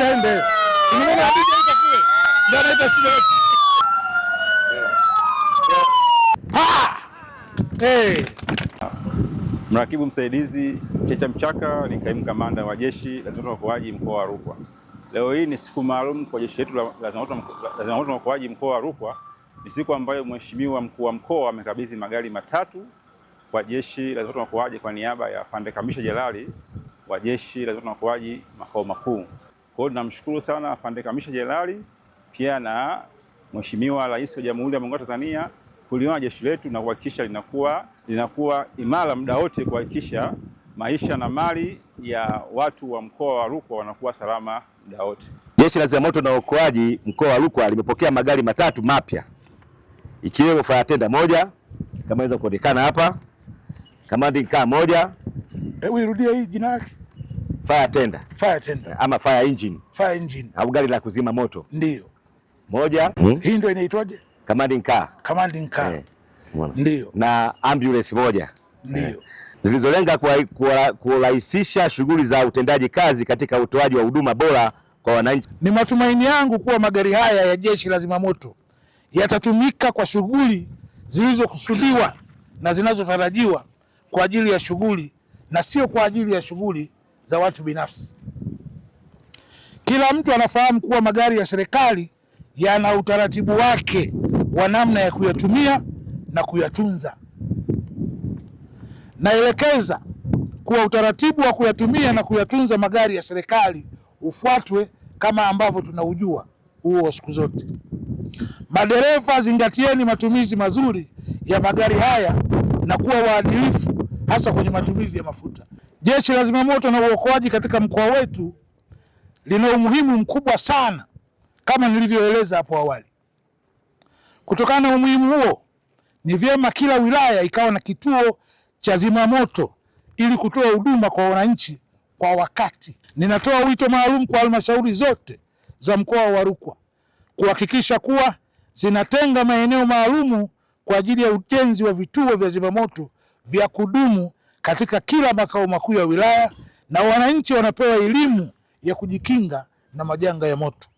Hey. Mrakibu msaidizi Checha Mchaka ni kaimu kamanda wa jeshi la zimamoto na uokoaji mkoa wa Rukwa. Leo hii ni siku maalum kwa jeshi letu la zimamoto na uokoaji mkoa wa Rukwa. Ni siku ambayo mheshimiwa mkuu wa mkoa amekabidhi magari matatu kwa jeshi la zimamoto na uokoaji kwa niaba ya Afande Kamisha Jalali wa jeshi la zimamoto na uokoaji makao makuu. Kwa hiyo tunamshukuru sana afande Kamisha Jelali pia na Mheshimiwa Rais wa Jamhuri ya Muungano wa Tanzania kuliona jeshi letu na kuhakikisha linakuwa linakuwa imara muda wote kuhakikisha maisha na mali ya watu wa mkoa wa Rukwa wanakuwa salama muda wote. Jeshi la Zimamoto na Uokoaji mkoa wa Rukwa limepokea magari matatu mapya ikiwemo fire tender moja kama inaweza kuonekana hapa, commanding car moja. Hebu irudie hii jina yake fire tender. Fire tender. Ama fire engine. Fire engine. Au gari la kuzima moto. Ndio. Moja. Hmm. Hii ndio inaitwaje? Commanding car. Commanding car. Eh. Ndio. Na ambulance moja. Ndio. Eh, zilizolenga kurahisisha shughuli za utendaji kazi katika utoaji wa huduma bora kwa wananchi. Ni matumaini yangu kuwa magari haya ya Jeshi la Zimamoto yatatumika kwa shughuli zilizokusudiwa na zinazotarajiwa kwa ajili ya shughuli na sio kwa ajili ya shughuli za watu binafsi. Kila mtu anafahamu kuwa magari ya serikali yana utaratibu wake wa namna ya kuyatumia na kuyatunza. Naelekeza kuwa utaratibu wa kuyatumia na kuyatunza magari ya serikali ufuatwe kama ambavyo tunaujua huo siku zote. Madereva, zingatieni matumizi mazuri ya magari haya na kuwa waadilifu hasa kwenye matumizi ya mafuta. Jeshi la Zimamoto na Uokoaji katika mkoa wetu lina umuhimu mkubwa sana kama nilivyoeleza hapo awali. Kutokana na umuhimu huo, ni vyema kila wilaya ikawa na kituo cha zimamoto ili kutoa huduma kwa wananchi kwa wakati. Ninatoa wito maalum kwa halmashauri zote za mkoa wa Rukwa kuhakikisha kuwa zinatenga maeneo maalumu kwa ajili ya ujenzi wa vituo vya zimamoto vya kudumu katika kila makao makuu ya wilaya na wananchi wanapewa elimu ya kujikinga na majanga ya moto.